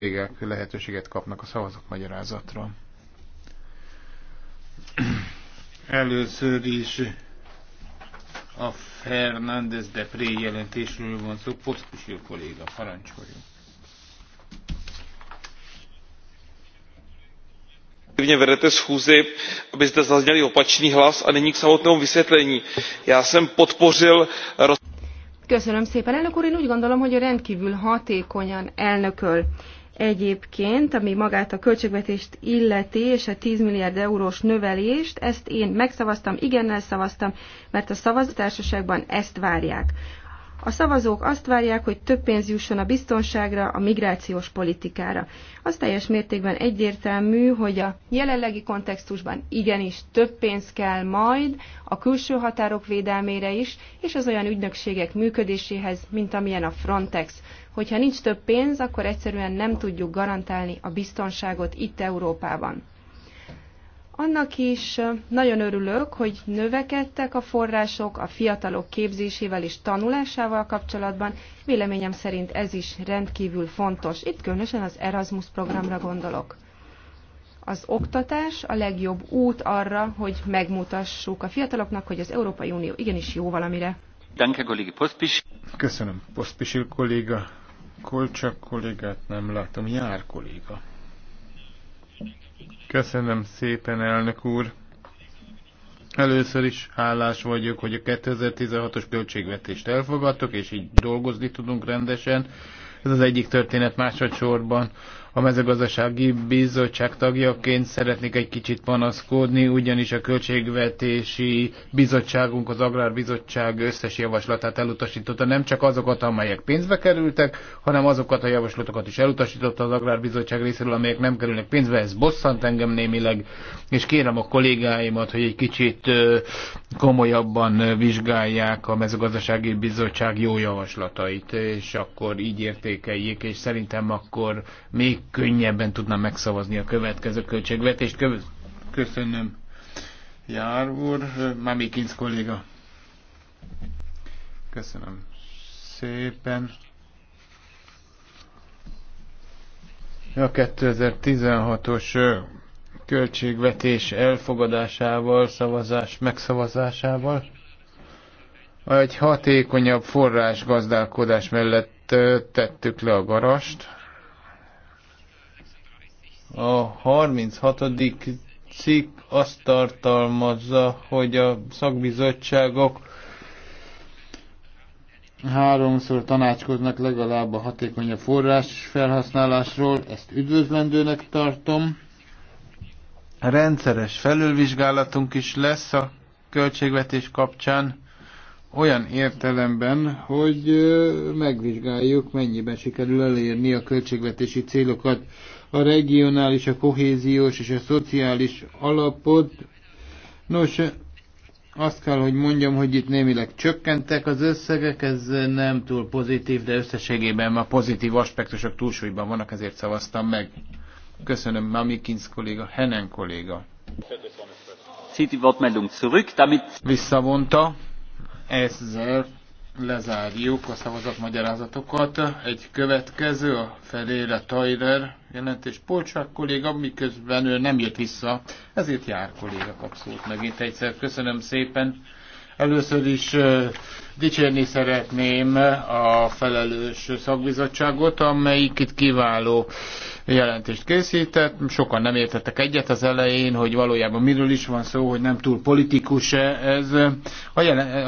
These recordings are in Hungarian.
kollégák lehetőséget kapnak a magyarázatra. Először is a Fernández de Pré jelentésről van szó, Posztusír kolléga, Vně vedete schůzi aby zde zazněl opačný hlas a nyní k samotnému vysvětlení. já jsem podpořil Köszönöm szépen, elnök úr. Én úgy gondolom, hogy rendkívül hatékonyan elnököl. Egyébként, ami magát a költségvetést illeti, és a 10 milliárd eurós növelést, ezt én megszavaztam, igennel szavaztam, mert a szavazatársaságban ezt várják. A szavazók azt várják, hogy több pénz jusson a biztonságra, a migrációs politikára. Az teljes mértékben egyértelmű, hogy a jelenlegi kontextusban igenis több pénz kell majd a külső határok védelmére is, és az olyan ügynökségek működéséhez, mint amilyen a Frontex hogyha nincs több pénz, akkor egyszerűen nem tudjuk garantálni a biztonságot itt Európában. Annak is nagyon örülök, hogy növekedtek a források a fiatalok képzésével és tanulásával kapcsolatban. Véleményem szerint ez is rendkívül fontos. Itt különösen az Erasmus programra gondolok. Az oktatás a legjobb út arra, hogy megmutassuk a fiataloknak, hogy az Európai Unió igenis jó valamire. Köszönöm, Poszpisil kolléga. Kolcsak kollégát nem látom, jár kolléga. Köszönöm szépen, elnök úr. Először is hálás vagyok, hogy a 2016-os költségvetést elfogadtok, és így dolgozni tudunk rendesen. Ez az egyik történet másodszorban a mezőgazdasági bizottság tagjaként szeretnék egy kicsit panaszkodni, ugyanis a költségvetési bizottságunk, az Agrárbizottság összes javaslatát elutasította, nem csak azokat, amelyek pénzbe kerültek, hanem azokat a javaslatokat is elutasította az Agrárbizottság részéről, amelyek nem kerülnek pénzbe, ez bosszant engem némileg, és kérem a kollégáimat, hogy egy kicsit komolyabban vizsgálják a mezőgazdasági bizottság jó javaslatait, és akkor így értékeljék, és szerintem akkor még még könnyebben tudnám megszavazni a következő költségvetést. Köszönöm, Jár úr, kincs kolléga. Köszönöm szépen. A 2016-os költségvetés elfogadásával, szavazás megszavazásával egy hatékonyabb gazdálkodás mellett tettük le a garast, a 36. cikk azt tartalmazza, hogy a szakbizottságok háromszor tanácskoznak legalább a hatékonyabb forrás felhasználásról, ezt üdvözlendőnek tartom. Rendszeres felülvizsgálatunk is lesz a költségvetés kapcsán olyan értelemben, hogy megvizsgáljuk, mennyiben sikerül elérni a költségvetési célokat a regionális, a kohéziós és a szociális alapot. Nos, azt kell, hogy mondjam, hogy itt némileg csökkentek az összegek, ez nem túl pozitív, de összességében a pozitív aspektusok túlsúlyban vannak, ezért szavaztam meg. Köszönöm, Mamikins kolléga, Henen kolléga. Visszavonta, ezzel lezárjuk a szavazatmagyarázatokat. Egy következő, a felére Tajler jelentés Polcsák kolléga, miközben ő nem jött vissza, ezért jár kolléga kapszót megint egyszer. Köszönöm szépen. Először is dicsérni szeretném a felelős szakbizottságot, amelyik itt kiváló jelentést készített. Sokan nem értettek egyet az elején, hogy valójában miről is van szó, hogy nem túl politikus -e ez. A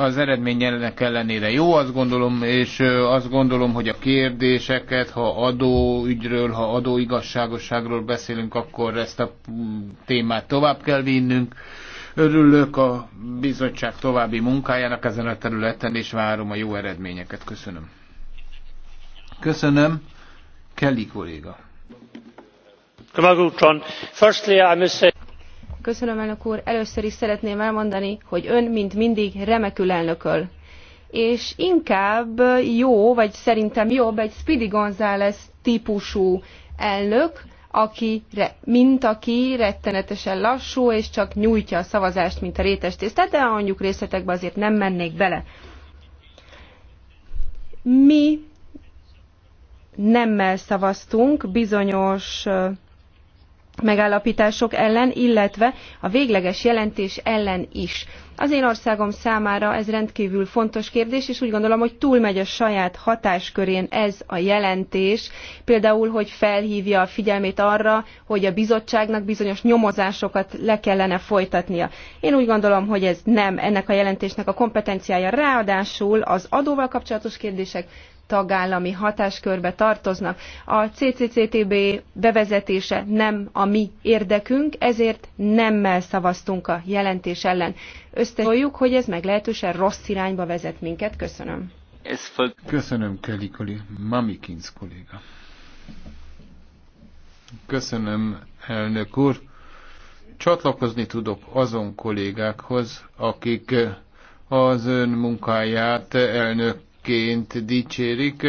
az eredmény ennek ellenére jó, azt gondolom, és azt gondolom, hogy a kérdéseket, ha adóügyről, ha adóigazságosságról beszélünk, akkor ezt a mm, témát tovább kell vinnünk Örülök a bizottság további munkájának ezen a területen, és várom a jó eredményeket. Köszönöm. Köszönöm. Kelly kolléga. Köszönöm, elnök úr. Először is szeretném elmondani, hogy ön, mint mindig, remekül elnököl és inkább jó, vagy szerintem jobb egy Speedy González típusú elnök, aki, mint aki rettenetesen lassú, és csak nyújtja a szavazást, mint a rétes tésztát, de mondjuk részletekbe azért nem mennék bele. Mi nemmel szavaztunk bizonyos megállapítások ellen, illetve a végleges jelentés ellen is. Az én országom számára ez rendkívül fontos kérdés, és úgy gondolom, hogy túlmegy a saját hatáskörén ez a jelentés, például, hogy felhívja a figyelmét arra, hogy a bizottságnak bizonyos nyomozásokat le kellene folytatnia. Én úgy gondolom, hogy ez nem ennek a jelentésnek a kompetenciája, ráadásul az adóval kapcsolatos kérdések tagállami hatáskörbe tartoznak. A CCCTB bevezetése nem a mi érdekünk, ezért nemmel szavaztunk a jelentés ellen. Összetoljuk, hogy ez meglehetősen rossz irányba vezet minket. Köszönöm. Köszönöm, Kelly kolléga. Mamikins kolléga. Köszönöm, elnök úr. Csatlakozni tudok azon kollégákhoz, akik az ön munkáját elnök ként dicsérik.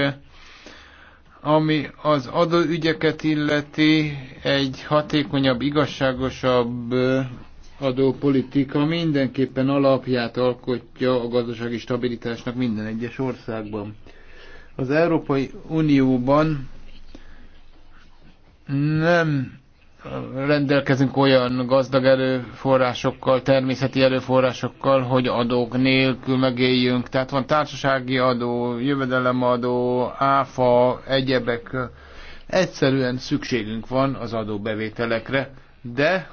Ami az adóügyeket illeti, egy hatékonyabb, igazságosabb adópolitika mindenképpen alapját alkotja a gazdasági stabilitásnak minden egyes országban. Az Európai Unióban nem rendelkezünk olyan gazdag erőforrásokkal, természeti erőforrásokkal, hogy adók nélkül megéljünk. Tehát van társasági adó, jövedelemadó, áfa, egyebek. Egyszerűen szükségünk van az adóbevételekre, de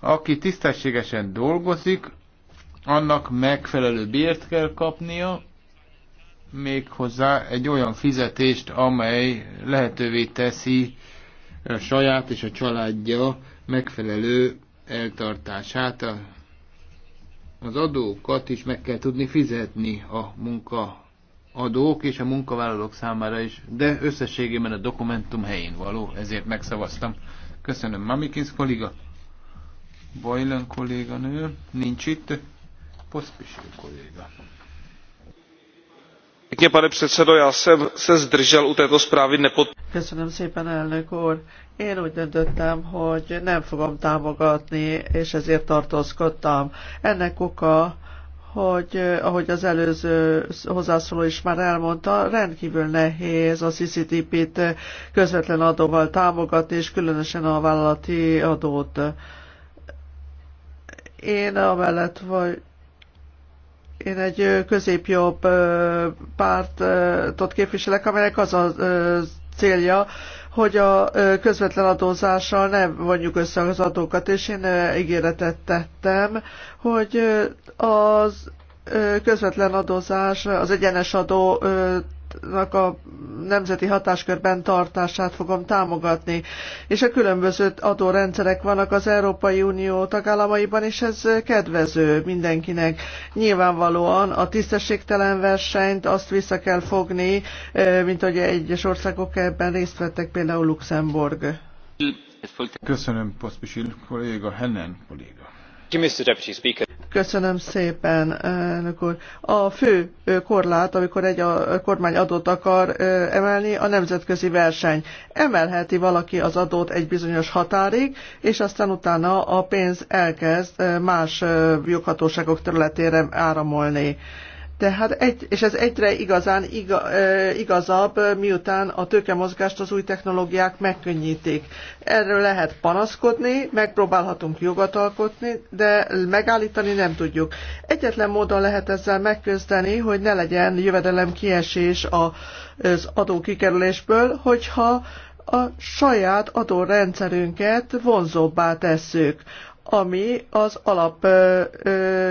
aki tisztességesen dolgozik, annak megfelelő bért kell kapnia, méghozzá egy olyan fizetést, amely lehetővé teszi, a saját és a családja megfelelő eltartását. Az adókat is meg kell tudni fizetni a munkaadók és a munkavállalók számára is, de összességében a dokumentum helyén való, ezért megszavaztam. Köszönöm, Mamikins kolléga. Bajlen kolléganő, nincs itt, Poszpisil kolléga pane předsedající já jsem se zdržel u této zprávy Én úgy döntöttem, hogy nem fogom támogatni, és ezért tartózkodtam. Ennek oka, hogy ahogy az előző hozzászóló is már elmondta, rendkívül nehéz a CCTP-t közvetlen adóval támogatni, és különösen a vállalati adót. Én amellett vagy, én egy középjobb pártot képviselek, amelynek az a célja, hogy a közvetlen adózással nem vonjuk össze az adókat, és én ígéretet tettem, hogy az közvetlen adózás, az egyenes adó a nemzeti hatáskörben tartását fogom támogatni. És a különböző adórendszerek vannak az Európai Unió tagállamaiban, és ez kedvező mindenkinek. Nyilvánvalóan a tisztességtelen versenyt azt vissza kell fogni, mint hogy egyes országok ebben részt vettek, például Luxemburg. Köszönöm, Poszpisil kolléga, Hennen kolléga. Köszönöm szépen, elnök úr. A fő korlát, amikor egy a kormány adót akar emelni, a nemzetközi verseny. Emelheti valaki az adót egy bizonyos határig, és aztán utána a pénz elkezd más joghatóságok területére áramolni. Tehát egy, és ez egyre igazán iga, igazabb, miután a tőkemozgást az új technológiák megkönnyítik. Erről lehet panaszkodni, megpróbálhatunk jogat alkotni, de megállítani nem tudjuk. Egyetlen módon lehet ezzel megközdeni, hogy ne legyen jövedelem kiesés az adókikerülésből, hogyha a saját adórendszerünket vonzóbbá tesszük ami az alap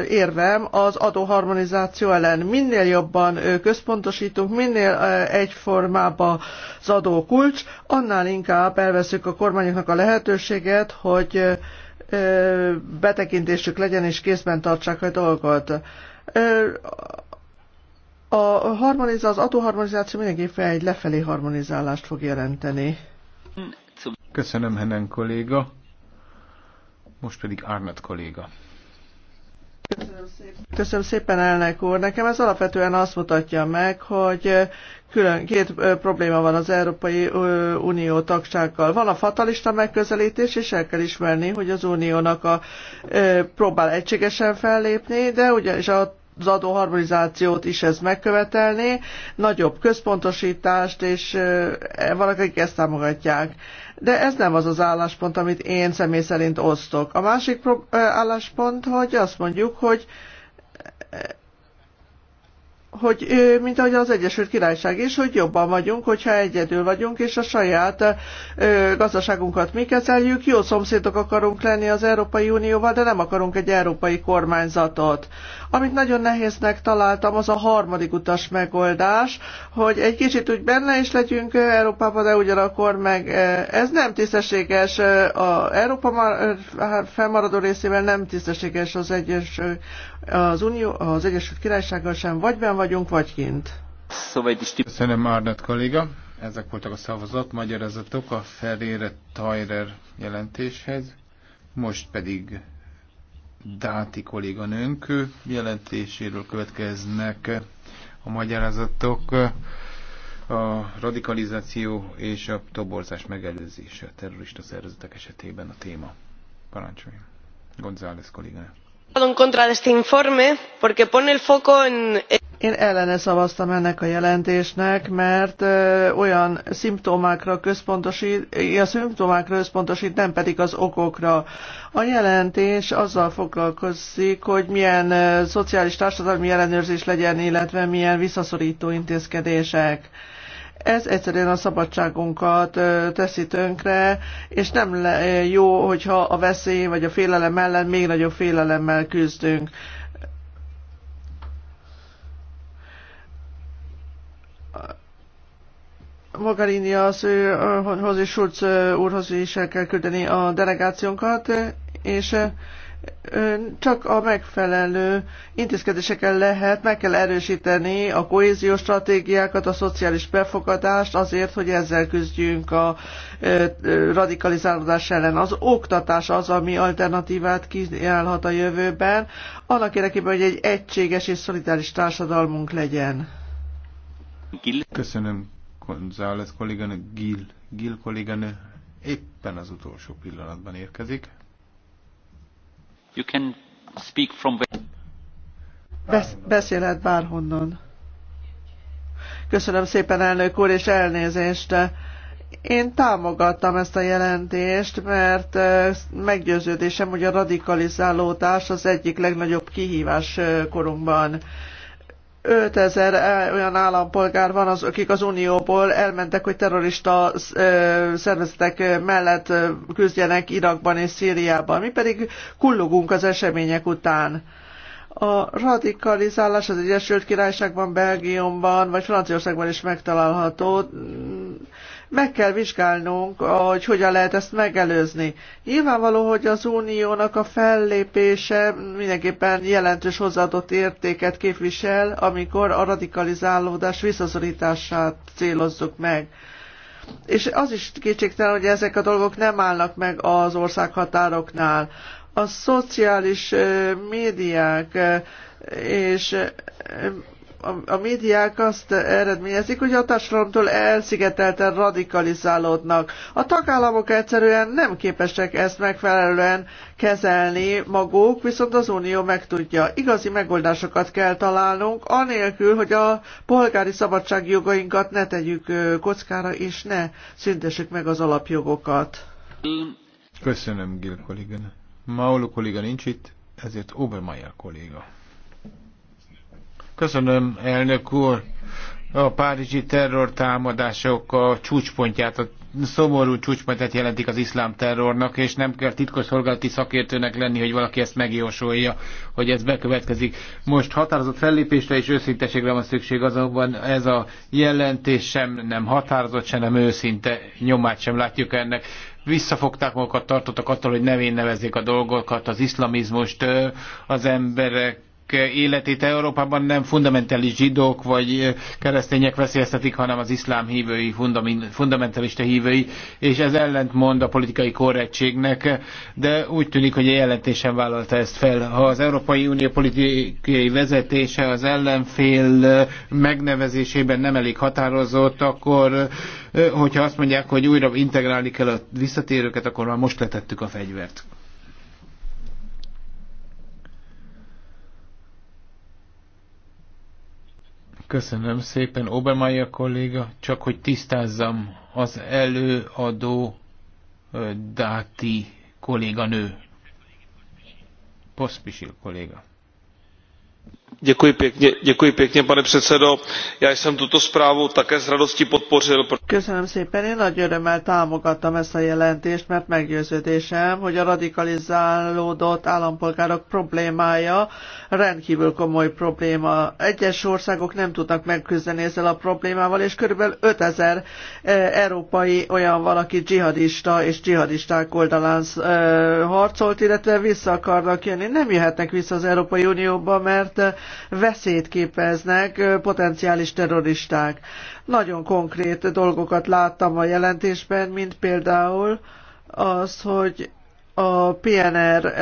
érvem az adóharmonizáció ellen. Minél jobban központosítunk, minél egyformább az adókulcs, annál inkább elveszük a kormányoknak a lehetőséget, hogy betekintésük legyen és készben tartsák a dolgot. A harmonizá, az adóharmonizáció mindenképpen egy lefelé harmonizálást fog jelenteni. Köszönöm, Henen kolléga. Most pedig Arnott kolléga. Köszönöm szépen. Köszönöm szépen, elnök úr. Nekem ez alapvetően azt mutatja meg, hogy külön két probléma van az Európai Unió tagsággal. Van a fatalista megközelítés, és el kell ismerni, hogy az uniónak a, próbál egységesen fellépni, de ugyanis a az adóharmonizációt is ez megkövetelné, nagyobb központosítást, és e, valakik ezt támogatják de ez nem az az álláspont, amit én személy szerint osztok. A másik álláspont, hogy azt mondjuk, hogy hogy mint ahogy az Egyesült Királyság is, hogy jobban vagyunk, hogyha egyedül vagyunk, és a saját gazdaságunkat mi kezeljük. Jó szomszédok akarunk lenni az Európai Unióval, de nem akarunk egy európai kormányzatot. Amit nagyon nehéznek találtam, az a harmadik utas megoldás, hogy egy kicsit úgy benne is legyünk Európában, de ugyanakkor meg ez nem tisztességes, a Európa hát felmaradó részével nem tisztességes az, egyes, az, Unió, az Egyesült Királysággal sem, vagy benne vagy vagyunk, vagy kint. Szóval Köszönöm, Arnett kolléga. Ezek voltak a szavazat magyarázatok a Ferére Tajrer jelentéshez. Most pedig Dáti kolléganőnk jelentéséről következnek a magyarázatok a radikalizáció és a toborzás megelőzése a terrorista szervezetek esetében a téma. Parancsoljon. González kolléganő. Én ellene szavaztam ennek a jelentésnek, mert ö, olyan szimptomákra központosít, a szimptomákra összpontosít, nem pedig az okokra. A jelentés azzal foglalkozik, hogy milyen ö, szociális társadalmi ellenőrzés legyen, illetve milyen visszaszorító intézkedések. Ö, ez egyszerűen a szabadságunkat teszi tönkre, és nem jó, hogyha a veszély vagy a félelem ellen még nagyobb félelemmel küzdünk. Magarini az őhoz és Schulz úrhoz is el kell küldeni a delegációnkat, és csak a megfelelő intézkedésekkel lehet, meg kell erősíteni a kohéziós stratégiákat, a szociális befogadást azért, hogy ezzel küzdjünk a radikalizálódás ellen. Az oktatás az, ami alternatívát kínálhat a jövőben, annak érdekében, hogy egy egységes és szolidáris társadalmunk legyen. Köszönöm, González kolléganő, Gil, Gil kolléganő éppen az utolsó pillanatban érkezik. You can speak from... beszélhet bárhonnan. Köszönöm szépen, elnök úr, és elnézést. Én támogattam ezt a jelentést, mert meggyőződésem, hogy a radikalizálódás az egyik legnagyobb kihívás korunkban 5000 e, olyan állampolgár van, az, akik az Unióból elmentek, hogy terrorista e, szervezetek mellett e, küzdjenek Irakban és Szíriában. Mi pedig kullogunk az események után. A radikalizálás az Egyesült Királyságban, Belgiumban vagy Franciaországban is megtalálható meg kell vizsgálnunk, hogy hogyan lehet ezt megelőzni. Nyilvánvaló, hogy az uniónak a fellépése mindenképpen jelentős hozzáadott értéket képvisel, amikor a radikalizálódás visszaszorítását célozzuk meg. És az is kétségtelen, hogy ezek a dolgok nem állnak meg az országhatároknál. A szociális médiák és a, a médiák azt eredményezik, hogy a társadalomtól elszigetelten radikalizálódnak. A tagállamok egyszerűen nem képesek ezt megfelelően kezelni maguk, viszont az Unió meg tudja. Igazi megoldásokat kell találnunk, anélkül, hogy a polgári szabadságjogainkat ne tegyük kockára, és ne szüntessük meg az alapjogokat. Köszönöm, Gil kolléga. Maulu kolléga nincs itt, ezért Obermeier kolléga. Köszönöm, elnök úr. A párizsi terrortámadások a csúcspontját, a szomorú csúcspontját jelentik az iszlám terrornak, és nem kell titkosszolgálati szakértőnek lenni, hogy valaki ezt megjósolja, hogy ez bekövetkezik. Most határozott fellépésre és őszinteségre van szükség, azonban ez a jelentés sem nem határozott, sem nem őszinte, nyomát sem látjuk ennek visszafogták magukat, tartottak attól, hogy nevén nevezzék a dolgokat, az iszlamizmust, az emberek életét Európában nem fundamentális zsidók vagy keresztények veszélyeztetik, hanem az iszlám hívői, fundamentalista hívői, és ez ellentmond a politikai korrektségnek, de úgy tűnik, hogy a jelentésen vállalta ezt fel. Ha az Európai Unió politikai vezetése az ellenfél megnevezésében nem elég határozott, akkor hogyha azt mondják, hogy újra integrálni kell a visszatérőket, akkor már most letettük a fegyvert. Köszönöm szépen, Obermeyer kolléga. Csak hogy tisztázzam, az előadó Dáti kolléganő. Poszpisil kolléga pane předsedající já jsem tuto zprávu také s radostí podpořil. köszönöm szépen én nagy örömmel támogattam ezt a jelentést mert meggyőződésem hogy a radikalizálódott állampolgárok problémája rendkívül komoly probléma. egyes országok nem tudnak megküzdeni ezzel a problémával és körülbelül 5000 e, európai olyan valaki dzsihadista és dzsihadisták oldalán e, harcolt illetve vissza akarnak jönni. nem jöhetnek vissza az európai unióba mert veszélyt képeznek potenciális terroristák. Nagyon konkrét dolgokat láttam a jelentésben, mint például az, hogy a PNR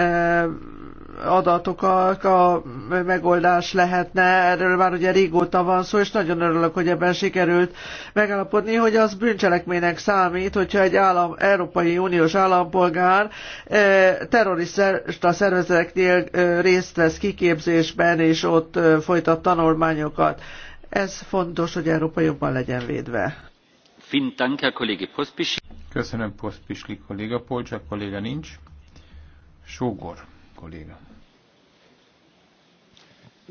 adatok a megoldás lehetne, erről már ugye régóta van szó, és nagyon örülök, hogy ebben sikerült megállapodni, hogy az bűncselekménynek számít, hogyha egy állam, Európai Uniós állampolgár eh, terrorista szervezeteknél eh, részt vesz kiképzésben, és ott eh, folytat tanulmányokat. Ez fontos, hogy Európa jobban legyen védve. Köszönöm, Poszpisli kolléga. Polcsak kolléga nincs. Sógor kolléga.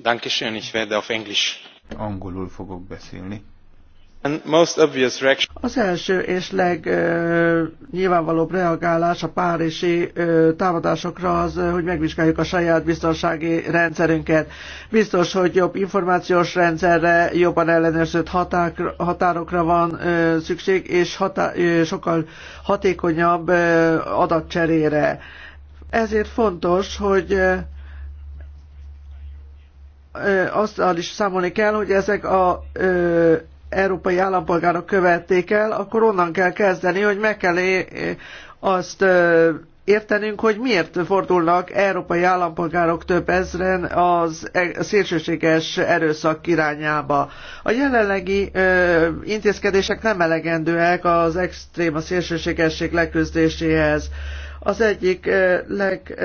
Dankeschön, ich werde auf Englisch. Angolul fogok beszélni. Az első és legnyilvánvalóbb reagálás a párizsi támadásokra az, hogy megvizsgáljuk a saját biztonsági rendszerünket. Biztos, hogy jobb információs rendszerre, jobban ellenőrzött határokra van szükség, és hatá sokkal hatékonyabb adatcserére ezért fontos, hogy azzal is számolni kell, hogy ezek a ö, európai állampolgárok követték el, akkor onnan kell kezdeni, hogy meg kell azt ö, értenünk, hogy miért fordulnak európai állampolgárok több ezren az e, szélsőséges erőszak irányába. A jelenlegi ö, intézkedések nem elegendőek az extrém, a szélsőségesség leküzdéséhez. Ö, az egyik leg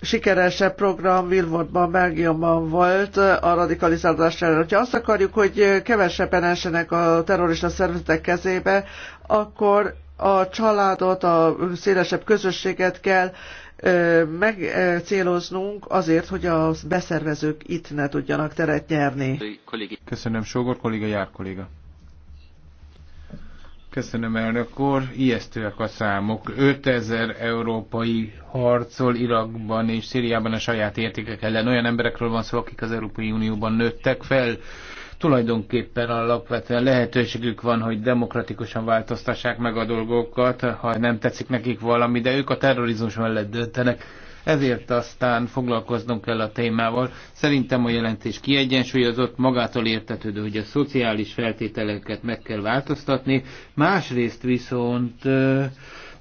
sikeresebb program Wilmotban, Belgiumban volt a radikalizálás ellen. Ha azt akarjuk, hogy kevesebben esenek a terrorista szervezetek kezébe, akkor a családot, a szélesebb közösséget kell megcéloznunk azért, hogy a beszervezők itt ne tudjanak teret nyerni. Köszönöm, Sógor kolléga, Jár kolléga. Köszönöm, elnök úr. Ijesztőek a számok. 5000 európai harcol Irakban és Szíriában a saját értékek ellen. Olyan emberekről van szó, akik az Európai Unióban nőttek fel. Tulajdonképpen alapvetően lehetőségük van, hogy demokratikusan változtassák meg a dolgokat, ha nem tetszik nekik valami, de ők a terrorizmus mellett döntenek ezért aztán foglalkoznunk kell a témával. Szerintem a jelentés kiegyensúlyozott, magától értetődő, hogy a szociális feltételeket meg kell változtatni. Másrészt viszont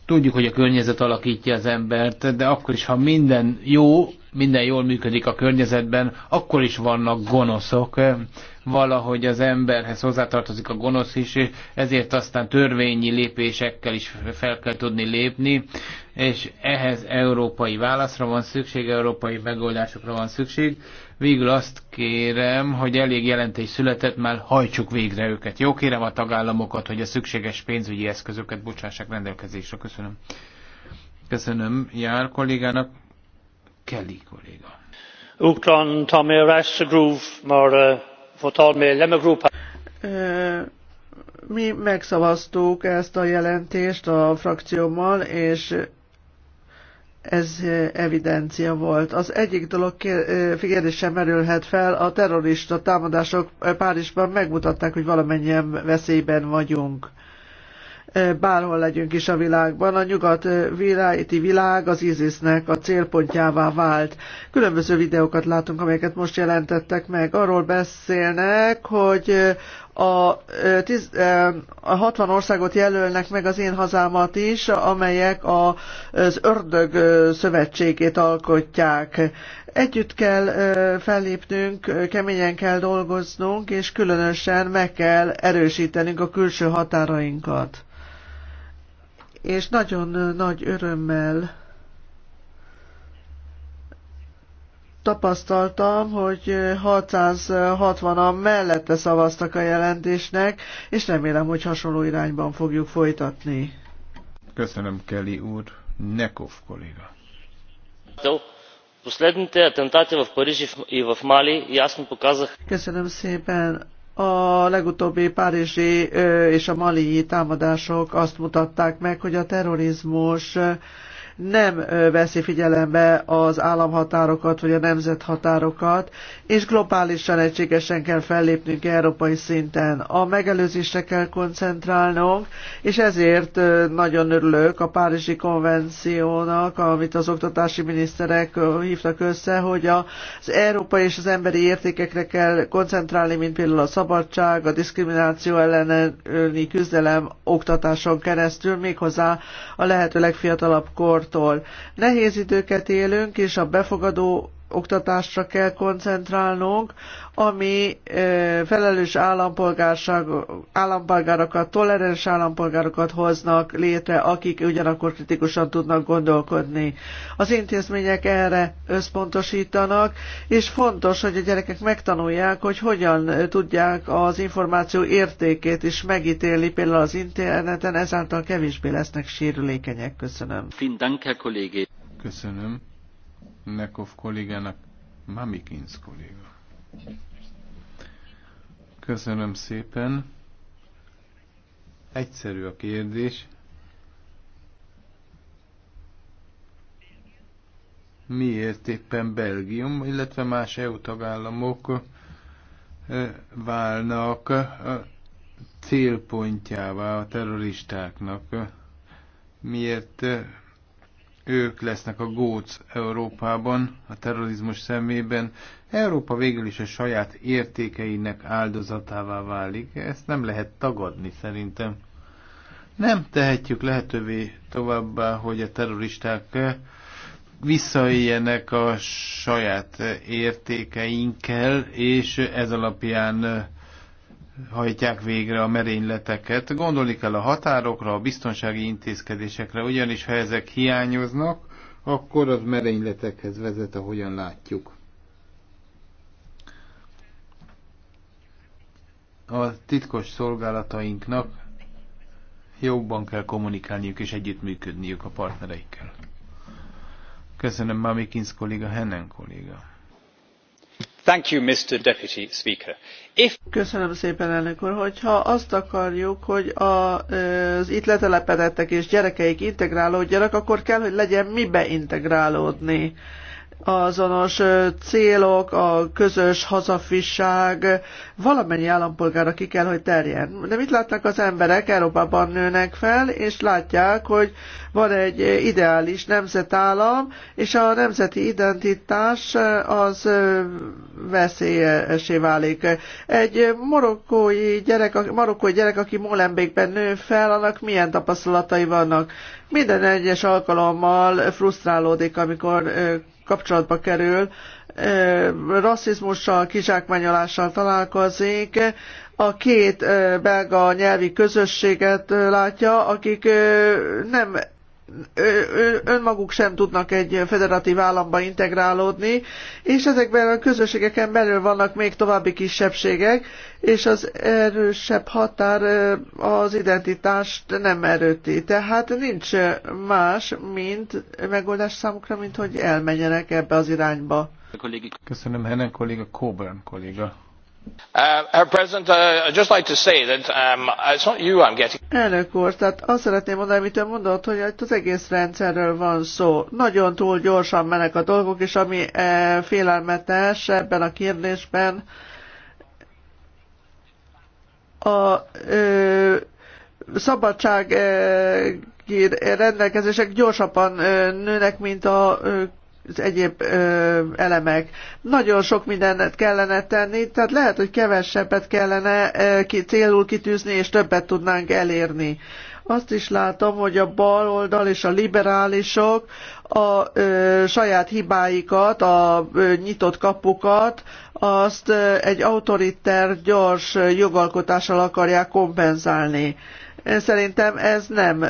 tudjuk, hogy a környezet alakítja az embert, de akkor is, ha minden jó, minden jól működik a környezetben, akkor is vannak gonoszok, valahogy az emberhez hozzátartozik a gonosz is, és ezért aztán törvényi lépésekkel is fel kell tudni lépni, és ehhez európai válaszra van szükség, európai megoldásokra van szükség. Végül azt kérem, hogy elég jelentés született, már hajtsuk végre őket. Jó, kérem a tagállamokat, hogy a szükséges pénzügyi eszközöket bocsássák rendelkezésre. Köszönöm. Köszönöm jár kollégának. Kelly kolléga. Ukrán eh, eh, Mi megszavaztuk ezt a jelentést a frakciómmal, és ez evidencia volt. Az egyik dolog kérdése eh, merülhet fel, a terrorista támadások Párizsban megmutatták, hogy valamennyien veszélyben vagyunk bárhol legyünk is a világban. A nyugat viráti világ az ISIS-nek a célpontjává vált. Különböző videókat látunk, amelyeket most jelentettek meg. Arról beszélnek, hogy a, tiz, a 60 országot jelölnek meg az én hazámat is, amelyek a, az ördög szövetségét alkotják. Együtt kell fellépnünk, keményen kell dolgoznunk, és különösen meg kell erősítenünk a külső határainkat és nagyon nagy örömmel tapasztaltam, hogy 660-an mellette szavaztak a jelentésnek, és remélem, hogy hasonló irányban fogjuk folytatni. Köszönöm, Kelly úr. Nekov kolléga. Köszönöm szépen. A legutóbbi párizsi és a mali támadások azt mutatták meg, hogy a terrorizmus nem veszi figyelembe az államhatárokat vagy a nemzethatárokat, és globálisan egységesen kell fellépnünk európai szinten. A megelőzésre kell koncentrálnunk, és ezért nagyon örülök a Párizsi konvenciónak, amit az oktatási miniszterek hívtak össze, hogy az európai és az emberi értékekre kell koncentrálni, mint például a szabadság, a diszkrimináció elleni küzdelem oktatáson keresztül, méghozzá a lehető legfiatalabb kort kortól. Nehéz időket élünk, és a befogadó oktatásra kell koncentrálnunk, ami felelős állampolgárokat, toleráns állampolgárokat hoznak létre, akik ugyanakkor kritikusan tudnak gondolkodni. Az intézmények erre összpontosítanak, és fontos, hogy a gyerekek megtanulják, hogy hogyan tudják az információ értékét is megítélni, például az interneten, ezáltal kevésbé lesznek sérülékenyek. Köszönöm. Köszönöm. Nekov kollégának, Mamikins kolléga. Köszönöm szépen. Egyszerű a kérdés. Miért éppen Belgium, illetve más EU tagállamok eh, válnak eh, célpontjává a terroristáknak? Miért eh, ők lesznek a góc Európában, a terrorizmus szemében. Európa végül is a saját értékeinek áldozatává válik. Ezt nem lehet tagadni szerintem. Nem tehetjük lehetővé továbbá, hogy a terroristák visszaéljenek a saját értékeinkkel, és ez alapján hajtják végre a merényleteket. Gondolni kell a határokra, a biztonsági intézkedésekre, ugyanis ha ezek hiányoznak, akkor az merényletekhez vezet, ahogyan látjuk. A titkos szolgálatainknak jobban kell kommunikálniuk és együttműködniük a partnereikkel. Köszönöm mami Kinsz kolléga, Hennen kolléga. Köszönöm szépen, elnök úr. Hogyha azt akarjuk, hogy az itt letelepedettek és gyerekeik integrálódjanak, akkor kell, hogy legyen mibe integrálódni azonos célok, a közös hazafiság valamennyi állampolgára ki kell, hogy terjen. De mit látnak az emberek? Európában nőnek fel, és látják, hogy van egy ideális nemzetállam, és a nemzeti identitás az veszélyesé válik. Egy marokkói gyerek, marokkói gyerek aki Molenbékben nő fel, annak milyen tapasztalatai vannak? Minden egyes alkalommal frusztrálódik, amikor kapcsolatba kerül, rasszizmussal, kizsákmányolással találkozik, a két belga nyelvi közösséget látja, akik nem önmaguk sem tudnak egy federatív államba integrálódni, és ezekben a közösségeken belül vannak még további kisebbségek, és az erősebb határ az identitást nem erőti. Tehát nincs más, mint megoldás számukra, mint hogy elmenjenek ebbe az irányba. Köszönöm, Henen kolléga, Coburn kolléga. Elnök úr, tehát azt szeretném mondani, amit ön mondott, hogy az egész rendszerről van szó. Nagyon túl gyorsan mennek a dolgok, és ami e, félelmetes ebben a kérdésben, a ö, szabadság ö, eh, rendelkezések gyorsabban eh, nőnek, mint a az egyéb ö, elemek. Nagyon sok mindent kellene tenni, tehát lehet, hogy kevesebbet kellene ö, ki, célul kitűzni, és többet tudnánk elérni. Azt is látom, hogy a baloldal és a liberálisok a ö, saját hibáikat, a ö, nyitott kapukat, azt ö, egy autoriter, gyors jogalkotással akarják kompenzálni Szerintem ez nem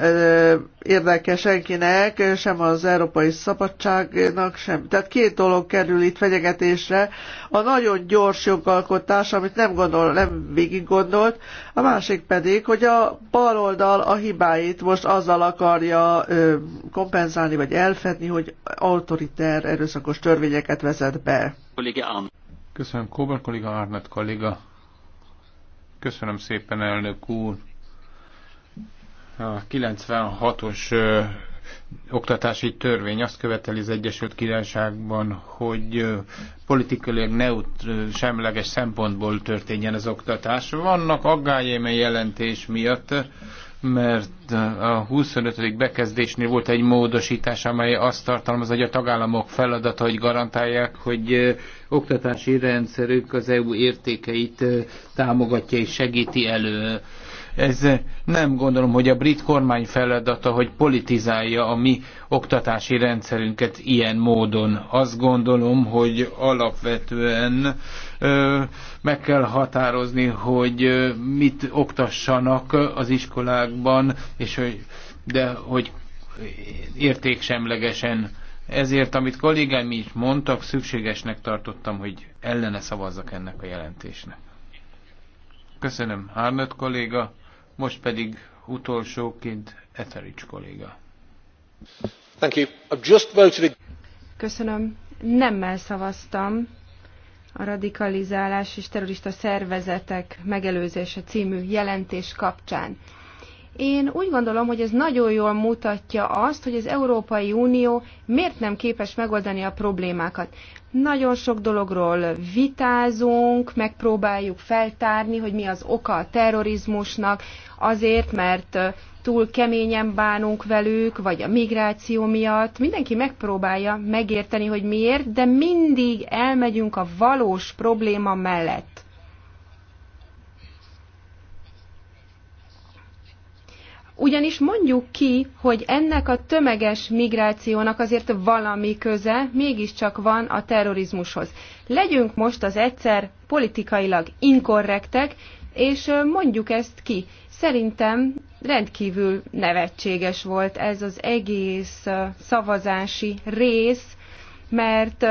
érdekel senkinek, sem az európai szabadságnak sem. Tehát két dolog kerül itt fenyegetésre. A nagyon gyors jogalkotás, amit nem gondol, nem végig gondolt, a másik pedig, hogy a baloldal a hibáit most azzal akarja kompenzálni, vagy elfedni, hogy autoriter erőszakos törvényeket vezet be. Köszönöm, Kóber kolléga, Árnett kolléga. Köszönöm szépen, elnök úr a 96-os oktatási törvény azt követeli az Egyesült Királyságban, hogy politikai-neut semleges szempontból történjen az oktatás. Vannak aggályaim a jelentés miatt, mert a 25. bekezdésnél volt egy módosítás, amely azt tartalmaz, hogy a tagállamok feladata, hogy garantálják, hogy oktatási rendszerük az EU értékeit támogatja és segíti elő ez eh, nem gondolom, hogy a brit kormány feladata, hogy politizálja a mi oktatási rendszerünket ilyen módon. Azt gondolom, hogy alapvetően ö, eh, meg kell határozni, hogy ö, eh, mit oktassanak az iskolákban, és hogy, de hogy értéksemlegesen. Ezért, amit kollégám is mondtak, szükségesnek tartottam, hogy ellene szavazzak ennek a jelentésnek. Köszönöm, Harnett kolléga. Most pedig utolsóként Etheridge kolléga. Thank you. I've just voted... Köszönöm. Nemmel szavaztam a radikalizálás és terrorista szervezetek megelőzése című jelentés kapcsán. Én úgy gondolom, hogy ez nagyon jól mutatja azt, hogy az Európai Unió miért nem képes megoldani a problémákat. Nagyon sok dologról vitázunk, megpróbáljuk feltárni, hogy mi az oka a terrorizmusnak, azért, mert túl keményen bánunk velük, vagy a migráció miatt. Mindenki megpróbálja megérteni, hogy miért, de mindig elmegyünk a valós probléma mellett. Ugyanis mondjuk ki, hogy ennek a tömeges migrációnak azért valami köze mégiscsak van a terrorizmushoz. Legyünk most az egyszer politikailag inkorrektek, és mondjuk ezt ki. Szerintem rendkívül nevetséges volt ez az egész szavazási rész, mert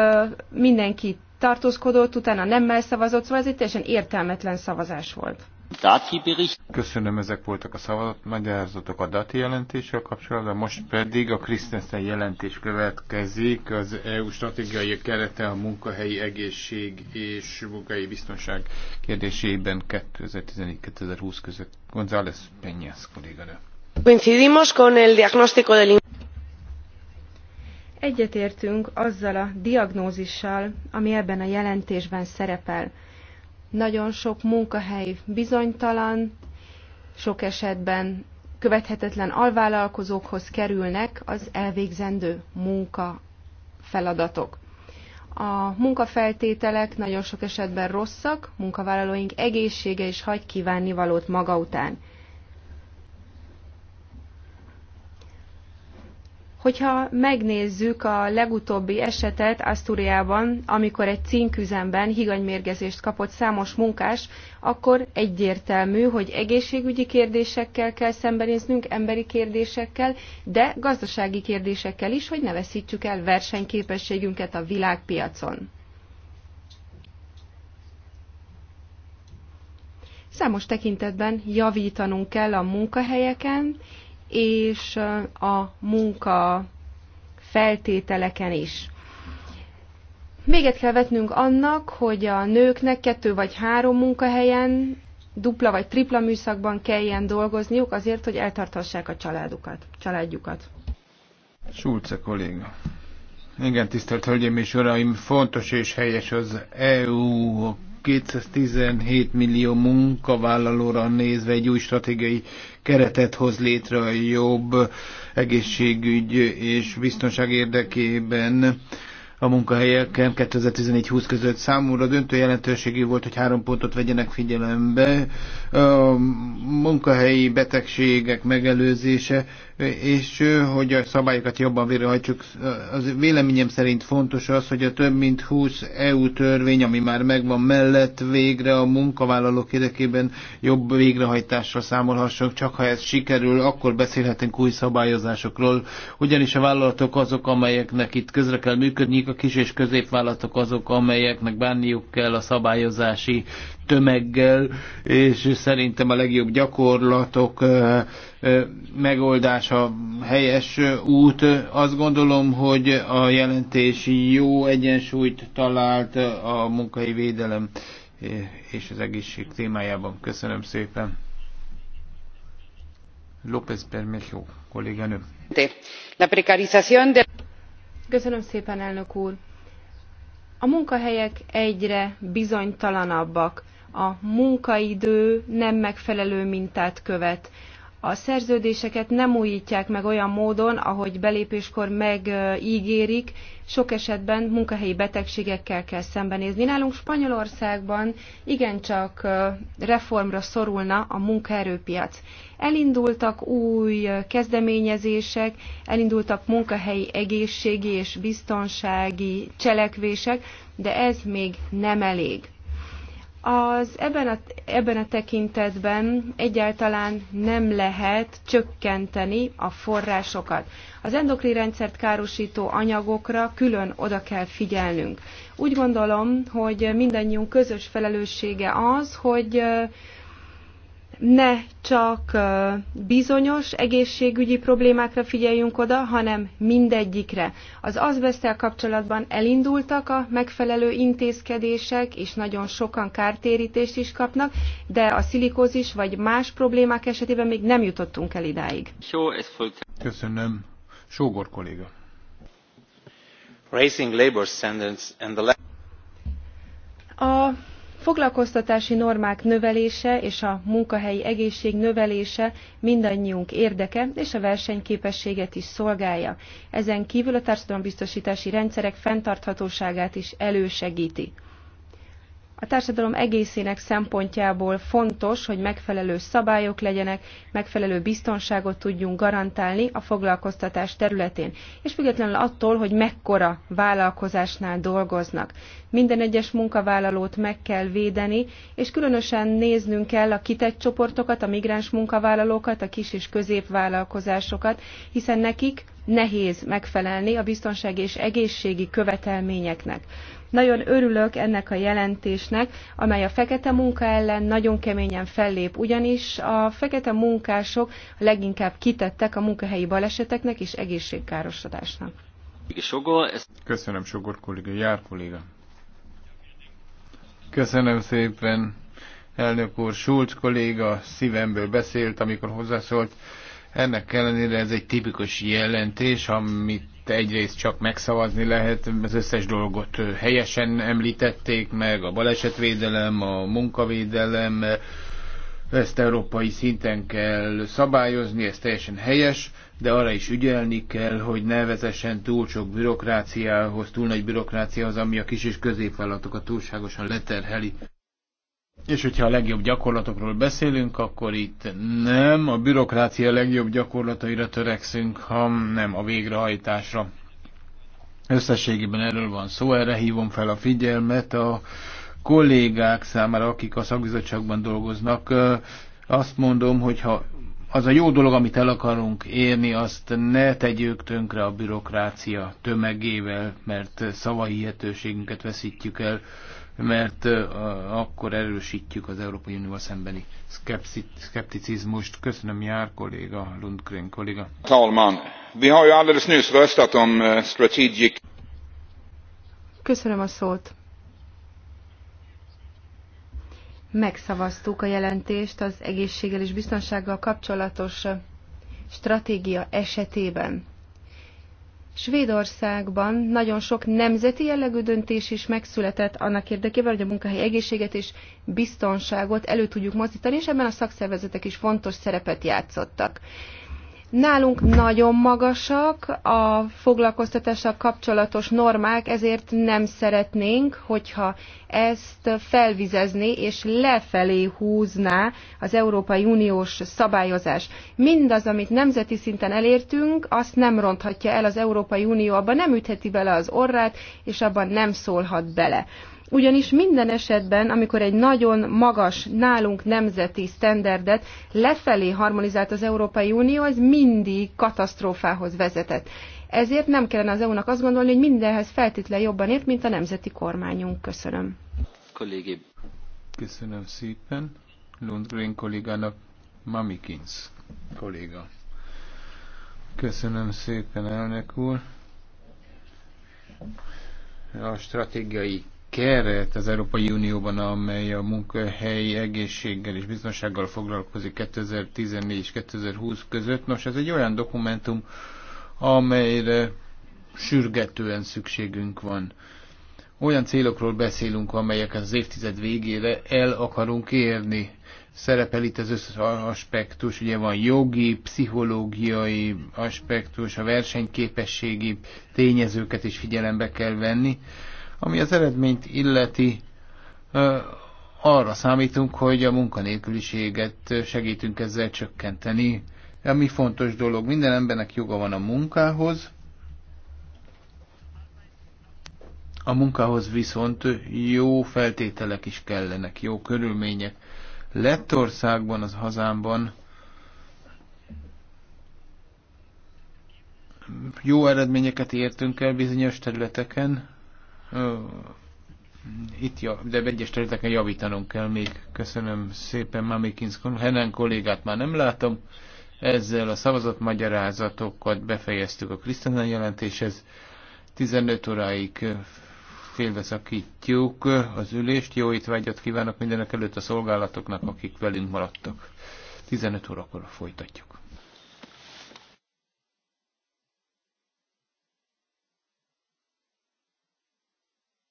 mindenki tartózkodott, utána nemmel szavazott, szóval ez egy teljesen értelmetlen szavazás volt. Köszönöm, ezek voltak a magyarázatok a DATI jelentéssel kapcsolatban, most pedig a Christensen jelentés következik, az EU stratégiai kerete a munkahelyi egészség és munkahelyi biztonság kérdésében 2014-2020 között. González Peñas kolléganő. Coincidimos con el diagnóstico del Egyetértünk azzal a diagnózissal, ami ebben a jelentésben szerepel nagyon sok munkahely bizonytalan, sok esetben követhetetlen alvállalkozókhoz kerülnek az elvégzendő munka feladatok. A munkafeltételek nagyon sok esetben rosszak, munkavállalóink egészsége is hagy kívánni valót maga után. Hogyha megnézzük a legutóbbi esetet Asturiában, amikor egy cinküzemben higanymérgezést kapott számos munkás, akkor egyértelmű, hogy egészségügyi kérdésekkel kell szembenéznünk, emberi kérdésekkel, de gazdasági kérdésekkel is, hogy ne veszítsük el versenyképességünket a világpiacon. Számos tekintetben javítanunk kell a munkahelyeken, és a munka feltételeken is. Véget kell vetnünk annak, hogy a nőknek kettő vagy három munkahelyen, dupla vagy tripla műszakban kelljen dolgozniuk azért, hogy eltarthassák a családukat, családjukat. Sulce kolléga. Igen, tisztelt Hölgyeim és Uraim, fontos és helyes az EU 217 millió munkavállalóra nézve egy új stratégiai keretet hoz létre a jobb egészségügy és biztonság érdekében a munkahelyeken 2014-20 között számúra döntő jelentőségű volt, hogy három pontot vegyenek figyelembe. A munkahelyi betegségek megelőzése és hogy a szabályokat jobban végrehajtsuk. Az véleményem szerint fontos az, hogy a több mint 20 EU törvény, ami már megvan mellett végre a munkavállalók érdekében jobb végrehajtásra számolhassunk, csak ha ez sikerül, akkor beszélhetünk új szabályozásokról, ugyanis a vállalatok azok, amelyeknek itt közre kell működniük, a kis és középvállalatok azok, amelyeknek bánniuk kell a szabályozási tömeggel, és szerintem a legjobb gyakorlatok megoldása helyes út. Azt gondolom, hogy a jelentés jó egyensúlyt talált a munkai védelem és az egészség témájában. Köszönöm szépen. López Permejo, kolléganő. Köszönöm szépen, elnök úr. A munkahelyek egyre bizonytalanabbak a munkaidő nem megfelelő mintát követ. A szerződéseket nem újítják meg olyan módon, ahogy belépéskor megígérik, sok esetben munkahelyi betegségekkel kell szembenézni. Nálunk Spanyolországban igencsak reformra szorulna a munkaerőpiac. Elindultak új kezdeményezések, elindultak munkahelyi egészségi és biztonsági cselekvések, de ez még nem elég az ebben a, ebben a tekintetben egyáltalán nem lehet csökkenteni a forrásokat. Az endokrin rendszert károsító anyagokra külön oda kell figyelnünk. Úgy gondolom, hogy mindannyiunk közös felelőssége az, hogy ne csak bizonyos egészségügyi problémákra figyeljünk oda, hanem mindegyikre. Az azbesztel kapcsolatban elindultak a megfelelő intézkedések, és nagyon sokan kártérítést is kapnak, de a szilikózis vagy más problémák esetében még nem jutottunk el idáig. Köszönöm. Sógor kolléga. Raising labor standards and the... A Foglalkoztatási normák növelése és a munkahelyi egészség növelése mindannyiunk érdeke, és a versenyképességet is szolgálja. Ezen kívül a társadalombiztosítási rendszerek fenntarthatóságát is elősegíti a társadalom egészének szempontjából fontos, hogy megfelelő szabályok legyenek, megfelelő biztonságot tudjunk garantálni a foglalkoztatás területén, és függetlenül attól, hogy mekkora vállalkozásnál dolgoznak. Minden egyes munkavállalót meg kell védeni, és különösen néznünk kell a kitett csoportokat, a migráns munkavállalókat, a kis és középvállalkozásokat, hiszen nekik nehéz megfelelni a biztonsági és egészségi követelményeknek. Nagyon örülök ennek a jelentésnek, amely a fekete munka ellen nagyon keményen fellép, ugyanis a fekete munkások leginkább kitettek a munkahelyi baleseteknek és egészségkárosodásnak. Köszönöm, Sogor kolléga, jár kolléga. Köszönöm szépen, elnök úr, Schulz kolléga szívemből beszélt, amikor hozzászólt. Ennek ellenére ez egy tipikus jelentés, amit egyrészt csak megszavazni lehet, az összes dolgot helyesen említették meg, a balesetvédelem, a munkavédelem, ezt európai szinten kell szabályozni, ez teljesen helyes, de arra is ügyelni kell, hogy ne vezessen túl sok bürokráciához, túl nagy bürokráciához, ami a kis és középvállalatokat túlságosan leterheli. És hogyha a legjobb gyakorlatokról beszélünk, akkor itt nem a bürokrácia legjobb gyakorlataira törekszünk, hanem a végrehajtásra. Összességében erről van szó, erre hívom fel a figyelmet a kollégák számára, akik a szakbizottságban dolgoznak. Azt mondom, hogy ha az a jó dolog, amit el akarunk érni, azt ne tegyük tönkre a bürokrácia tömegével, mert szavahihetőségünket veszítjük el mert akkor erősítjük az Európai Unió szembeni szkepticizmust. Köszönöm, Jár kolléga, Lundgren kolléga. Talman, vi har ju alldeles nyss röstat om eh, strategic... Köszönöm a szót. Megszavaztuk a jelentést az egészséggel és biztonsággal kapcsolatos eh, stratégia esetében. Svédországban nagyon sok nemzeti jellegű döntés is megszületett annak érdekében, hogy a munkahely egészséget és biztonságot elő tudjuk mozdítani, és ebben a szakszervezetek is fontos szerepet játszottak. Nálunk nagyon magasak a foglalkoztatással kapcsolatos normák, ezért nem szeretnénk, hogyha ezt felvizezni és lefelé húzná az Európai Uniós szabályozás. Mindaz, amit nemzeti szinten elértünk, azt nem ronthatja el az Európai Unió, abban nem ütheti bele az orrát, és abban nem szólhat bele ugyanis minden esetben, amikor egy nagyon magas, nálunk nemzeti sztenderdet lefelé harmonizált az Európai Unió, ez mindig katasztrófához vezetett. Ezért nem kellene az EU-nak azt gondolni, hogy mindenhez feltétlenül jobban ért, mint a nemzeti kormányunk. Köszönöm. Kollégé. Köszönöm szépen. Lundgren kollégának Mamikins kolléga. Köszönöm szépen, elnök úr. A stratégiai keret az Európai Unióban, amely a munkahelyi egészséggel és biztonsággal foglalkozik 2014 és 2020 között. Nos, ez egy olyan dokumentum, amelyre sürgetően szükségünk van. Olyan célokról beszélünk, amelyeket az évtized végére el akarunk érni. Szerepel itt az összes aspektus, ugye van jogi, pszichológiai aspektus, a versenyképességi tényezőket is figyelembe kell venni ami az eredményt illeti, arra számítunk, hogy a munkanélküliséget segítünk ezzel csökkenteni. Ami fontos dolog, minden embernek joga van a munkához, a munkához viszont jó feltételek is kellenek, jó körülmények. Lettországban, az hazámban jó eredményeket értünk el bizonyos területeken, itt ja, de egyes területeken javítanunk kell még. Köszönöm szépen Mamikins Henen kollégát már nem látom. Ezzel a magyarázatokat befejeztük a Krisztánál jelentéshez. 15 óráig félbeszakítjuk az ülést. Jó étvágyat kívánok mindenek előtt a szolgálatoknak, akik velünk maradtak. 15 órakor folytatjuk.